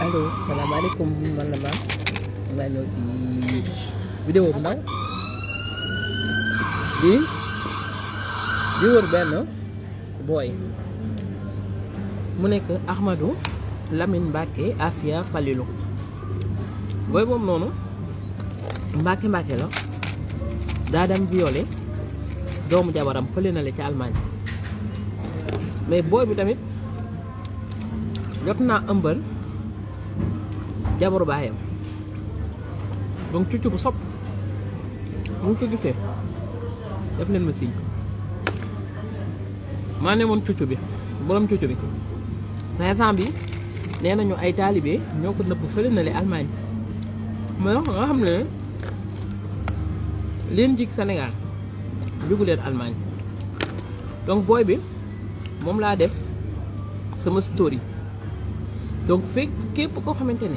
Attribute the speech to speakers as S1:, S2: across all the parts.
S1: allo salam man la ma vidéo bu Je di di wër benn Boy. Ahmadou Lamine Baké Afia Je suis bon non? Mbacke Mbacke la suis violé jabaram Je suis ci Allemagne mais Je bi tamit Ya por bahaya. Bang cucu besok. Mungkin gitu ya. Ya benar masih. Mana mon cucu bi? Bolam cucu bi. Saya sambi. Nee nañu ay talibé ñoo ko nëbb fële na le Allemagne mais nga xam ne leen jig Sénégal jugu leen Allemagne donc booy bi mom laa def sama story donc fekk képp koo xamante ne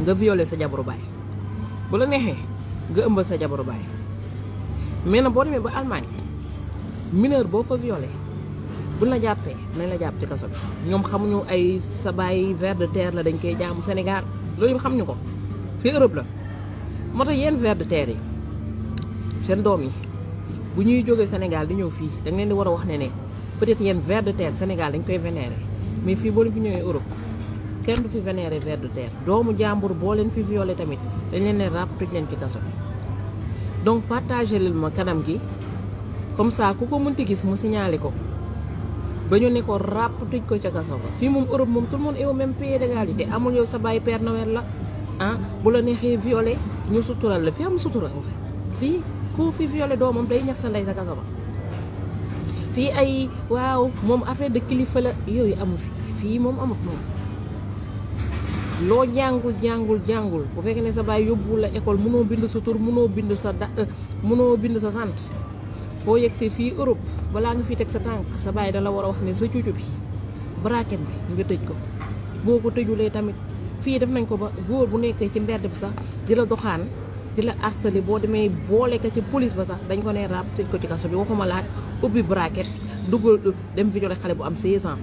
S1: nga violé sa jabaru baay bu la neexee nga ëmbal sa jabaru baay mais nag boo demee ba almaañ mineur boo ko violé buñ la jàppee nañ la jàpp ci kaso bi ñoom xamuñu ay sa baay ver de terre la dañ koy jaamu Sénégal loolu yëpp xamuñu ko fi Europe la moo tax yenn ver de terre yi seen doom yi bu ñuy jógee Sénégal di ñëw fii da leen di war a wax ne ne peut-être yenn ver de terre Sénégal dañ koy vénérer mais fii boo leen fi ñëwee Europe kenn du fi vénéré ver de terre doomu jàmbur boo leen fi violé tamit dañ leen ne ràpp tuj leen ci kaso donc partagé leen ma kanam gi comme ça ku ko mënti gis mu signalé ko ba ñu ne ko rap tuj ko ca kaso ba fii moom Europe moom tout le monde est au même pied d'égalité amul yow sa bàyyi Père Noël la ah bu la neexee violé ñu sutural la fi am sutura fii ku fi violé doomam day ñaf sa ndey sa kaso ba fii ay waaw moom affaire de kilifa la yooyu amu fi fii moom amut moom loo jàngul jàngul jàngul bu fekkee ne sa baay yóbbuwul la école mënoo bind sa tur mënoo bind sa da euh, mënoo bind sa sant boo yegsee fii Europe balaa nga fi teg sa tànk sa baay dala war a wax ne sa cucu bi braquet bi nga tëj ko boo ko tëjulee tamit fii def nañ ko ba góor bu nekkee ci mbedd bi sax di la doxaan di la harcelé boo demee boole ko ci police ba sax dañ ko ne ràbb tëj ko ci kaso bi waxuma laaj ubbi braquet dugal dem fi joxe xale bu am 16 ans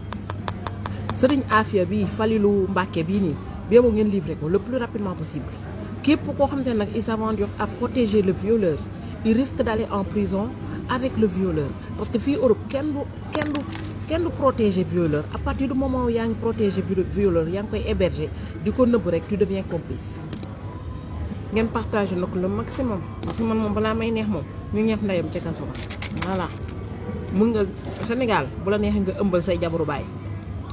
S1: serigne Afia bi Falilou Mbacke bi ni bee boo ngeen livrer ko le plus rapidement possible képp ko xam nak nag il s'avance à protéger le violeur il risque d'aller en prison avec le violeur parce que fi Europe kenn du kenn du kenn du protéger violeur à partir du moment où yaa protéger violeur yaa koy héberger diko neub rek tu deviens complice ngeen partager nak le maximum parce que man mom bala may neex mom ñu ñeuf ndayam ci kasso voilà mun nga Sénégal bu la neexee nga eumbal say jabaru baay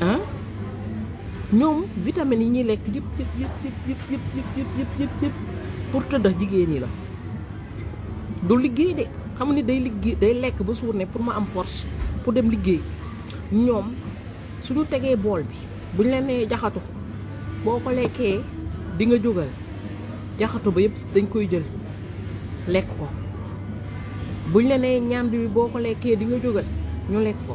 S1: ah ñoom vitamines yi ñuy lekk yëpp yëpp yëpp yëpp yëpp pour tëddax jigéen ñi la du liggéey de xam ni day liggéey day lekk ba suur ne pour ma am force pour dem liggéey ñoom su suñu tegee bool bi buñ leen nee jaxatu boo ko lekkee di nga jógal jaxatu ba yëpp dañ koy jël lekk ko buñ la nee ñaam bi boo ko lekkee di nga jógal ñu lekk ko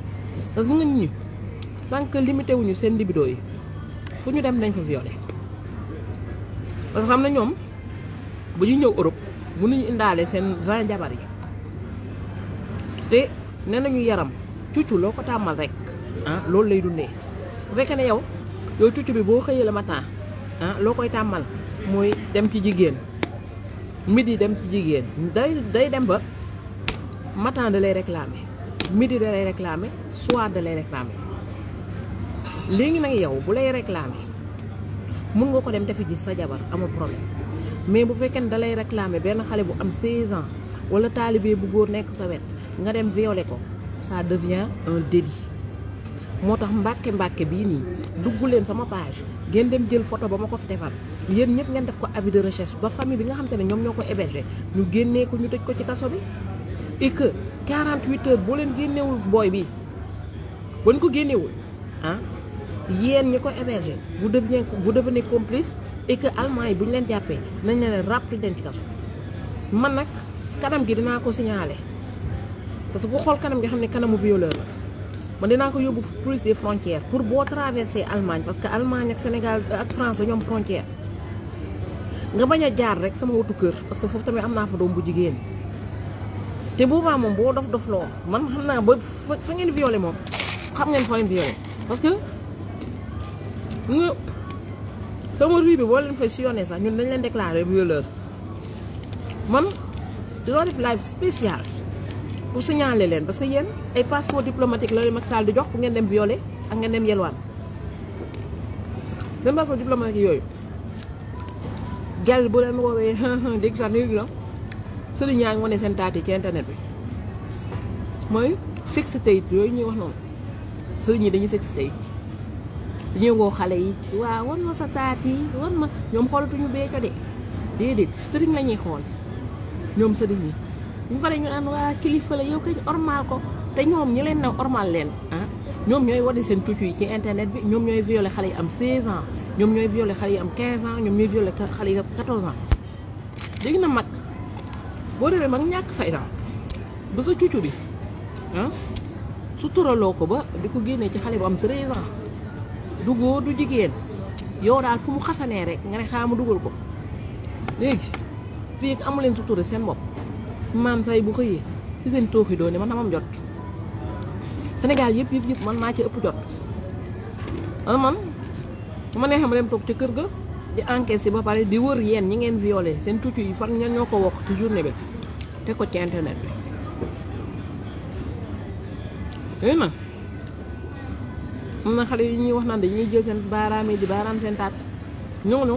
S1: parce que nga nit ñi tant que limité wuñu seen libido yi fu ñu dem nañ fa violé parce que xam na ñoom bu ñu ñëw Europe mënuñu indaale seen vingt jabar yi te nee nañu yaram cuccu loo ko tàmmal rek ah loolu lay dundee bu fekkee ne yow yow cuccu bi boo xëyee le matin ah loo koy tàmmal mooy dem ci jigéen midi dem ci jigéen day day dem ba matin da lay réclamer midi da lay soit soir da lay réclamer léegi nag yow bu lay réclamer mun nga ko dem defi ji sa jabar amul problème mais bu fekkee ne da lay réclamer benn xale bu am 16 ans wala taalibee bu góor nekk sa wet nga dem violer ko ça devient un délit moo tax mbàkke mbàkke bii nii dugg leen sama page ngeen dem jël foto ba ma ko fi defal yéen ñëpp ngeen def ko avis de recherche ba famille bi nga xam te ne ñoom ñoo ko héberger ñu génnee ko ñu tëj ko ci kaso bi. et que 48 heures bo len guenewul boy bi boo ko guenewul ah yeen ñi ko héberger vous devenez vous devenez complice et que allemagne buñ len jappé nañ len ràpp den ci kaso man nak kanam gi dina ko signaler parce que bu xol kanam gi xamné kanamu violeur la man dina ko yóbbu police des frontières pour bo traverser Allemagne parce que Allemagne ak Sénégal ak France ñom frontière nga baña jaar rek sama wutu keur parce que fofu tamit amna fa doom bu jigéen te boobaa moom boo dof dof loo man xam naa ba fa ngeen violé moom xam ngeen fa ngeen violé parce que nga sama rue bi boo leen fay sillonné sax ñun dañ leen déclaré violeur man loo def live spécial pour signaler leen parce que yéen ay passeport diplomatique la leen Macky Sall di jox pour ngeen dem violé ak ngeen dem yelwaan seen passeport diplomatique yooyu gel bu leen woowee dégg sax néegi la sëriñ yaa ngi wane seen taat yi trên internet six bi mooy sextape yooyu ñuy wax noonu sëriñ yi dañuy sextape dañuy woo xale yi waaw wan ma sa taat yi wan ma ñoom xoolatuñu beeco de déedéet sëriñ la ñuy xool ñoom sëriñ yi ñu pare ñu naan waa kilifa la yow kañ ormal ko te ñoom ñi leen naw ormal leen ah ñoom ñooy wane seen tuccu yi trên internet bi ñoom ñooy violé xale yi am 16 ans ñoom ñooy violé xale yi am 15 ans ñoom ñooy violé xale yi am 14 ans léegi na mag boo demee mag ñàkk fayda ba sa cucu bi ah su turaloo ko ba di ko génnee ci xale bu am 13 ans du du jigéen yow daal fu mu xasanee rek nga ne xaamu dugal ko léegi fii ak amu leen seen bopp maam say bu xëyee ci seen tooxi doone man amam jot Sénégal yëpp yëpp yëpp man maa ci ëpp jot man man ma neexee ma dem toog ci kër ga di enquête si ba pare di wër yeen ñi ngeen violé seen tuuti yi fan ñoo ko wokk ci journée bi te ko ci internet bi yooyu nag am na xale yi ñuy wax naan dañuy jël seen baaraam yi di baaraam seen taat ñooñu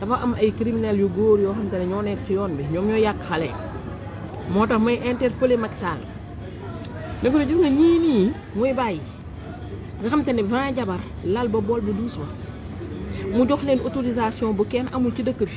S1: dafa am ay criminel yu góor yoo xam te ne ñoo nekk ci yoon bi ñoom ñoo yàq xale moo tax may interpellé Macky Sall ne ko nga ñii nii mooy bàyyi nga xam te ne vingt jabar lal ba bool bi douze ba mu jox leen autorisation bu kenn amul ci dëkk bi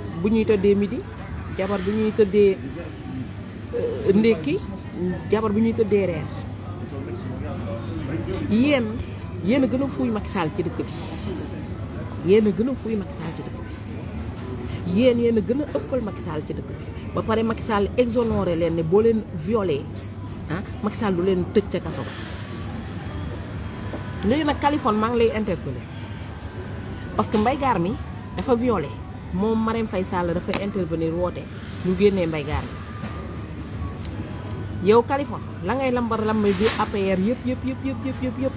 S1: bu ñuy tëddee midi jabar bu ñuy tëddee euh, ndékki jabar bu ñuy tëddee reer yéen yéen a gën a fuuy Macky ci dëkk bi yéen a gën a yéen a gën a ëppal Macky ci dëkk bi ba pare Macky Sall leen ne boo leen violé ah Macky Sall du leen tëj ca kaso ba léegi nag kalifon maa ngi lay interpellé parce que Mbaye Gar mi dafa violé moom Marème Faye Sall dafa intervenir woote ñu génnee Mbaye Gare yow Kaliphone la ngay lambar lambay bi APR yëpp yëpp yëpp yëpp yëpp yëpp yëpp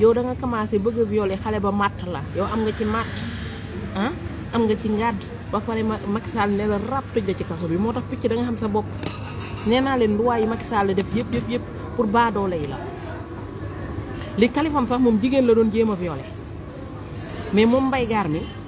S1: yow da commencé bëgg a xale ba màtt yow am nga ci màtt ah nga ci ngàdd ba pare Macky Sall ne la rap tëj ci kaso bi moo tax picc da nga xam sa bopp nee naa leen droit yi Macky Sall def yëpp yëpp yëpp pour baadoole yi la li Kaliphone sax moom jigéen la doon jéem a violer mais moom Mbaye Gare mi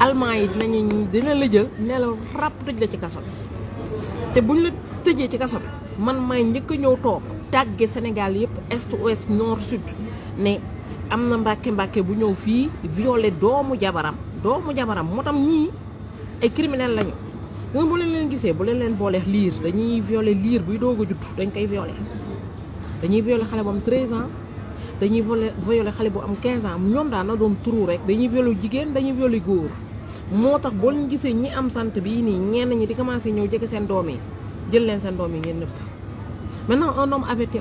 S1: allemand yi dinañu dina la jël ne la ràpp tëj la ci kaso bi te buñ la tëjee ci kaso bi man may njëkk a ñëw toog tàggee senegal yëpp est ouest nord sud ne am na mbàkke mbàkke bu ñëw fii viole doomu jabaram doomu jabaram moo tam ñii ay criminel lañu nga bu leen leen gisee bu leen leen boolee liir dañuy viole liir buy doo a judd dañ koy violé dañuy violé xale bu am 13 ans dañuy violé xale bu am 15 ans ñoom daan na doom turu rek dañuy violé jigéen dañuy violé góor moo tax boo leen gisee ñi am sant bii nii ñenn ñi di commencé ñëw jege seen doom yi jël leen seen doom yi ngeen nëb maintenant un homme averti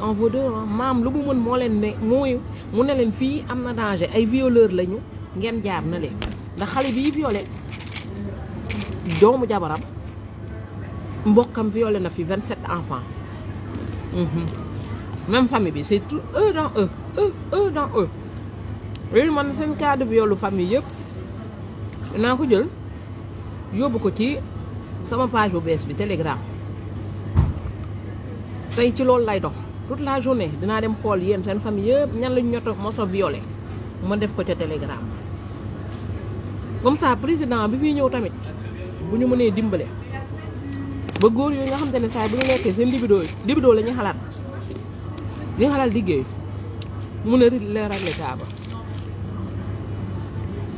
S1: maam lu mu moo leen ne mooy mu ne leen fii am na danger ay violeur lañu ngeen jaar na leen ndax xale bii violé doomu jabaram mbokkam violé na fi 27 enfants mhm. même famille bi c'est tout eux dans eux man seen cas de violu famille yëpp. naa ko jël yóbbu ko ci sama page bu bees bi Telegram tey ci loolu lay dox toute la journée dinaa dem xool yéen seen famille yëpp ñan lañ ñoto mos a violé ma def ko ca Telegram comme saa président bi fiy ñëw tamit bu ñu mënee dimbale ba góor yooyu nga xam ne saa bu ñu nekkee seen libido libido la ñuy xalaat li xalaat liggéey mën a leeral le ba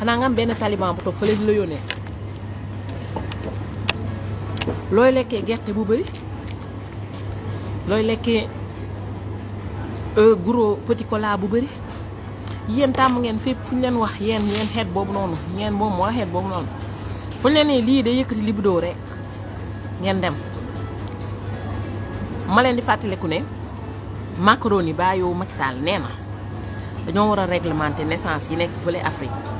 S1: xanaa nga am benn taliban bu toog fële di la yónnee looy lekkee gerte bu bari looy lekkee euh, gros petit cola bu bëri yéen tàmm ngeen fépp fu ñu leen wax yéen yéen xeet boobu noonu yéen moom moo xeet boobu noonu fu ñu leen lii day yëkkati libido rek ngeen dem ma leen di fàttaliku ne macaroni baa yow Macky Sall nee na dañoo war a réglementer naissance yi nekk fële Afrique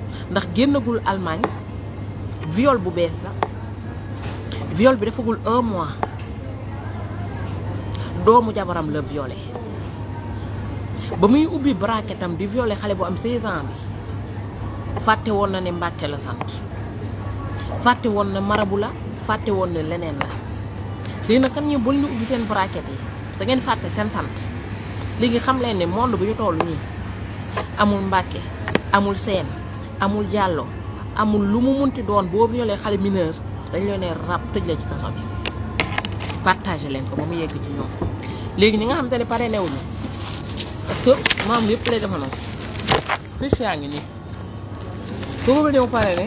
S1: ndax génnagul Allemagne viole bu bees la viol bi defagul un mois doomu jabaram la violé ba muy ubbi braquetam di violé xale bu am 16 ans bi fàtte woon na ne Mbàkke la sant fàtte woon na marabu la fàtte woon na leneen la na nag ñi ñu bul ñu ubbi seen braquet yi da ngeen fàtte seen sant léegi xam leen ne monde bu ñu toll nii amul Mbàkke amul seen amul jàllo amul lu mu munti doon boo violee xale mineur dañ leen ne rab tëj la ci kaso bi partagé leen ko ba mu yegg ci ñoom léegi ñi nga xam te ne pare newuñu parce que maam yëpp lay yaa ngi nii bu ma ñëw pare ne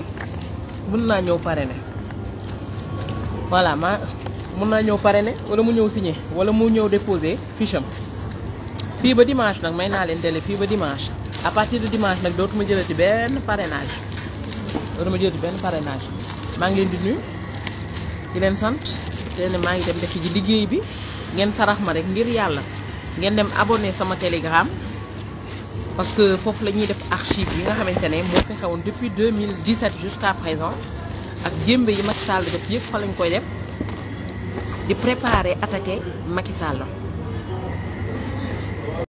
S1: mën naa ñëw pare ne voilà ma mën naa ñëw pare ne wala mu ñëw signé wala mu ñëw déposé fiche am fii ba dimanche nag may naa leen tele fii ba dimanche à partir de dimanche nak dootuma jëlati benn parrainage dootuma jëlati parrainage ma ngi leen di nuyu di sant ngi dem liggéey bi sarax ma abonné telegram parce que foofu def archive yi depuis 2017 jusqu'à présent ak jémbe yi Macky Sall def fa lañ koy di préparer attaquer Macky Sall